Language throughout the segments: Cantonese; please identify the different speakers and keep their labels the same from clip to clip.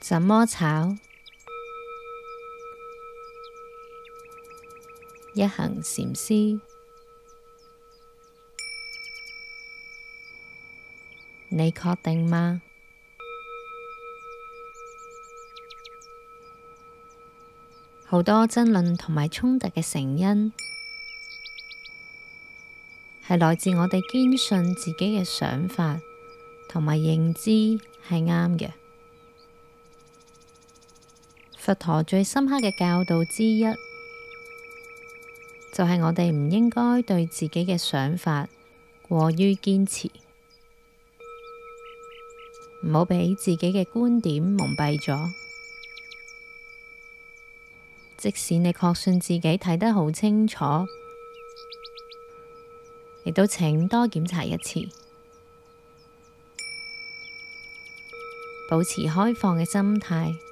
Speaker 1: 怎麼炒？一行禪師，你確定嗎？好多爭論同埋衝突嘅成因，係來自我哋堅信自己嘅想法同埋認知係啱嘅。佛陀最深刻嘅教導之一，就係、是、我哋唔應該對自己嘅想法過於堅持，唔好俾自己嘅觀點蒙蔽咗。即使你確信自己睇得好清楚，亦都請多檢查一次，保持開放嘅心態。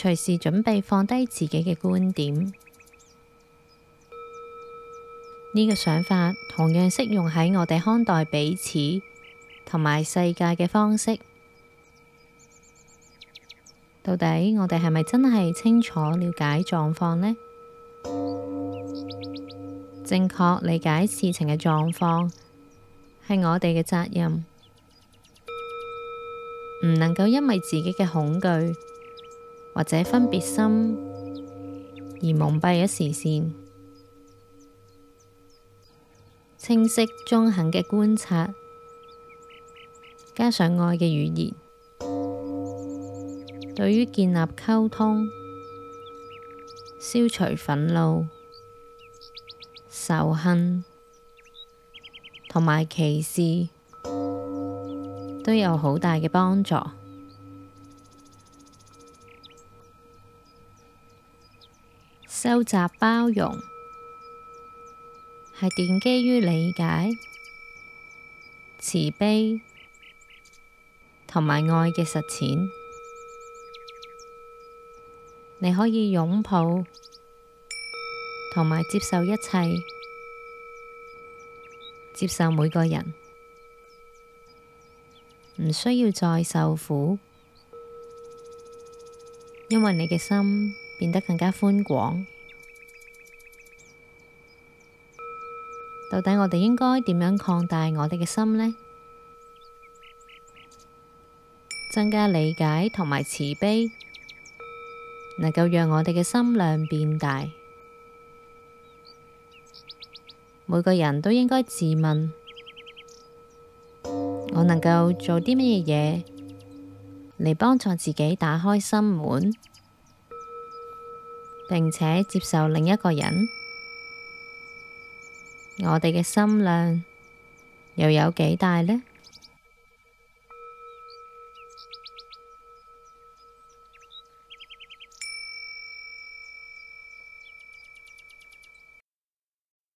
Speaker 1: 隨時準備放低自己嘅觀點，呢、這個想法同樣適用喺我哋看待彼此同埋世界嘅方式。到底我哋係咪真係清楚了解狀況呢？正確理解事情嘅狀況係我哋嘅責任，唔能夠因為自己嘅恐懼。或者分別心而蒙蔽咗視線，清晰中肯嘅觀察，加上愛嘅語言，對於建立溝通、消除憤怒、仇恨同埋歧視，都有好大嘅幫助。收集包容，係奠基於理解、慈悲同埋愛嘅實踐。你可以擁抱同埋接受一切，接受每個人，唔需要再受苦，因為你嘅心。變得更加寬廣。到底我哋應該點樣擴大我哋嘅心呢？增加理解同埋慈悲，能夠讓我哋嘅心量變大。每個人都應該自問：我能夠做啲乜嘢嘢嚟幫助自己打開心門？並且接受另一個人，我哋嘅心量又有幾大呢？